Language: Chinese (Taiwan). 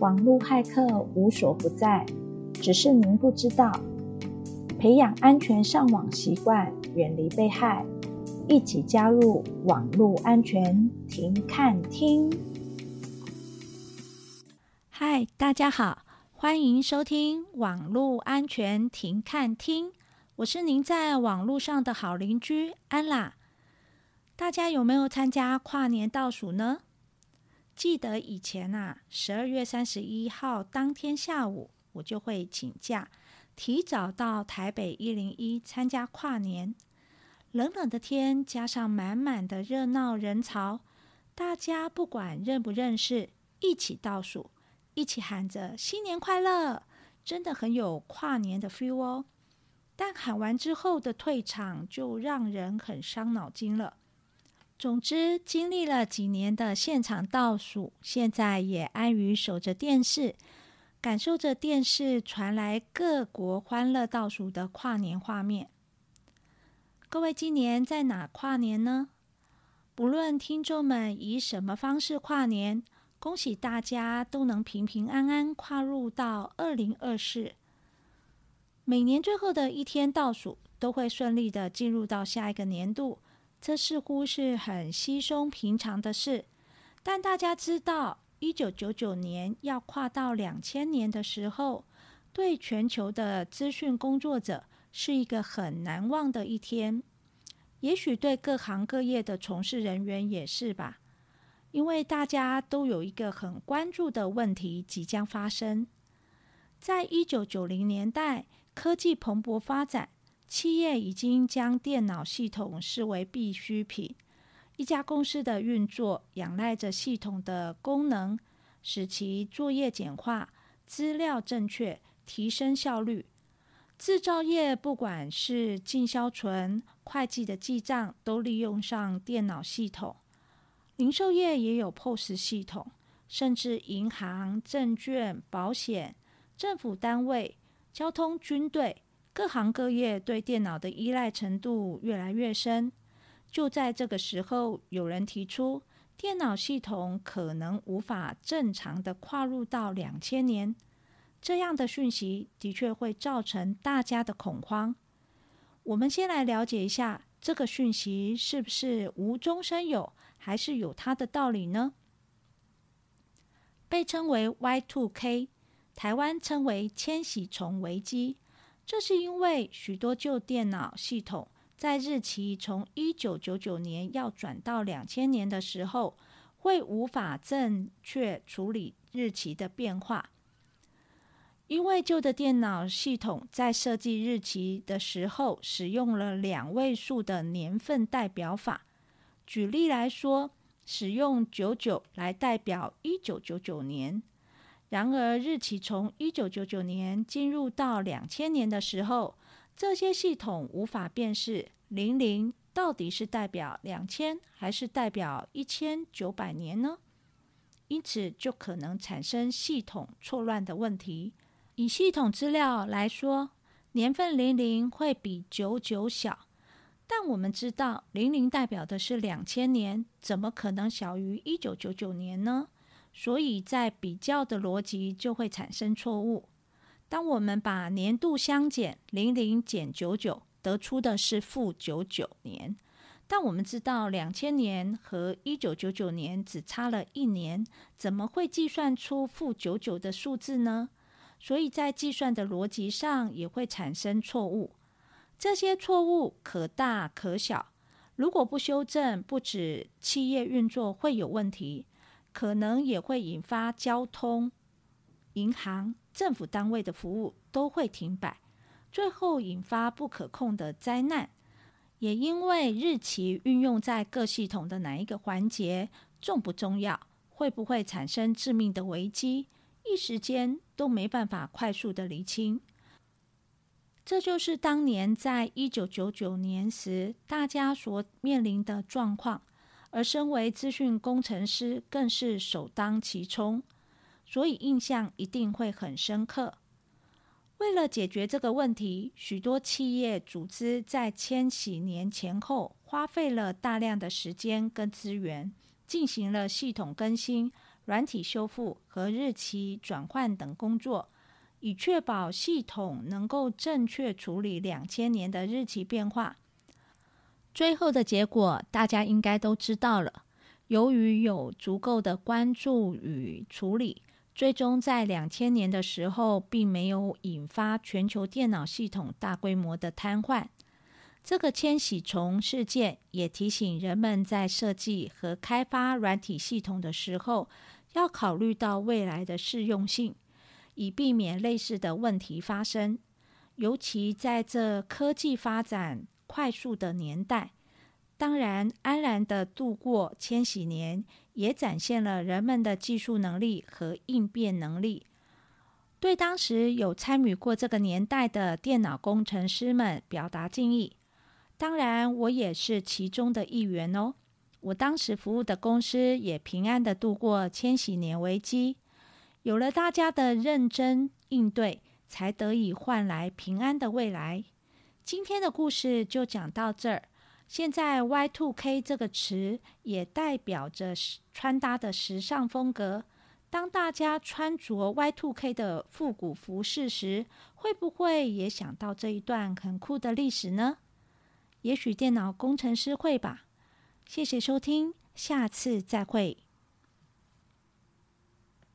網絡駭客無所不在，只是您不知道。培養安全上網習慣，遠離被害，一起加入網絡安全停看聽。嗨，大家好，歡迎收聽網絡安全停看聽。我是您在網絡上的好鄰居安啦。大家有沒有參加跨年倒數呢？記得以前啊，十二月三十一號當天下午，我就會請假，提早到台北一零一參加跨年。冷冷的天，加上滿滿的熱鬧人潮，大家不管認不認識，一起倒數，一起喊着“新年快樂”，真的很有跨年的 feel 哦。但喊完之後的退場，就讓人很傷腦筋了。總之，經歷了幾年的現場倒數，現在也安於守着電視，感受着電視傳來各國歡樂倒數的跨年畫面。各位今年在哪跨年呢？不論聽眾們以什麼方式跨年，恭喜大家都能平平安安跨入到2024。每年最後的一天倒數，都會順利的進入到下一個年度。這似乎是很稀鬆平常的事，但大家知道，一九九九年要跨到兩千年的時候，對全球的資訊工作者是一個很難忘的一天。也許對各行各業的從事人員也是吧，因為大家都有一個很關注的問題即將發生。在一九九零年代，科技蓬勃發展。企業已經將電腦系統視為必需品。一家公司的運作仰賴着系統的功能，使其作業簡化、資料正確、提升效率。製造業不管是進銷存、會計的記賬，都利用上電腦系統。零售業也有 POS 系統，甚至銀行、證券、保險、政府單位、交通、軍隊。各行各業對電腦的依賴程度越來越深，就在這個時候，有人提出電腦系統可能無法正常的跨入到兩千年。這樣的訊息的確會造成大家的恐慌。我們先來了解一下這個訊息是不是無中生有，還是有它的道理呢？被稱為 Y2K，台灣稱為“千禧蟲危機”。這是因為許多舊電腦系統在日期從1999年要轉到2000年的時候，會無法正確處理日期的變化。因為舊的電腦系統在設計日期的時候，使用了兩位數的年份代表法。舉例來說，使用99來代表1999年。然而，日期從一九九九年進入到兩千年的時候，這些系統無法辨識零零到底是代表兩千還是代表一千九百年呢？因此，就可能產生系統錯亂的問題。以系統資料來說，年份零零會比九九小，但我們知道零零代表的是兩千年，怎麼可能小於一九九九年呢？所以在比較的邏輯就會產生錯誤。當我們把年度相減，零零減九九，得出的是負九九年。但我們知道兩千年和一九九九年只差了一年，怎麼會計算出負九九的數字呢？所以在計算的邏輯上也會產生錯誤。這些錯誤可大可小，如果不修正，不止企業運作會有問題。可能也會引發交通、銀行、政府單位的服務都會停擺，最後引發不可控的災難。也因為日期運用在各系統的哪一個環節重不重要，會不會產生致命的危機，一時間都沒辦法快速的釐清。這就是當年在一九九九年時大家所面臨的狀況。而身為資訊工程師，更是首當其衝，所以印象一定會很深刻。為了解決這個問題，許多企業組織在千禧年前後花費了大量的時間跟資源，進行了系統更新、軟體修復和日期轉換等工作，以確保系統能夠正確處理兩千年的日期變化。最後的結果，大家應該都知道了。由於有足夠的關注與處理，最終在兩千年的時候，並沒有引發全球電腦系統大規模的癱瘓。這個千禧蟲事件也提醒人們，在設計和開發軟體系統的時候，要考慮到未來的適用性，以避免類似的問題發生。尤其在這科技發展。快速的年代，當然安然的度過千禧年，也展現了人們的技術能力和應變能力。對當時有參與過這個年代的電腦工程師們表達敬意。當然，我也是其中的一員哦。我當時服務的公司也平安的度過千禧年危機，有了大家的認真應對，才得以換來平安的未來。今天的故事就講到這兒。現在，Y2K 這個詞也代表着穿搭的時尚風格。當大家穿着 Y2K 的復古服飾時，會不會也想到這一段很酷的歷史呢？也許電腦工程師會吧。謝謝收聽，下次再會。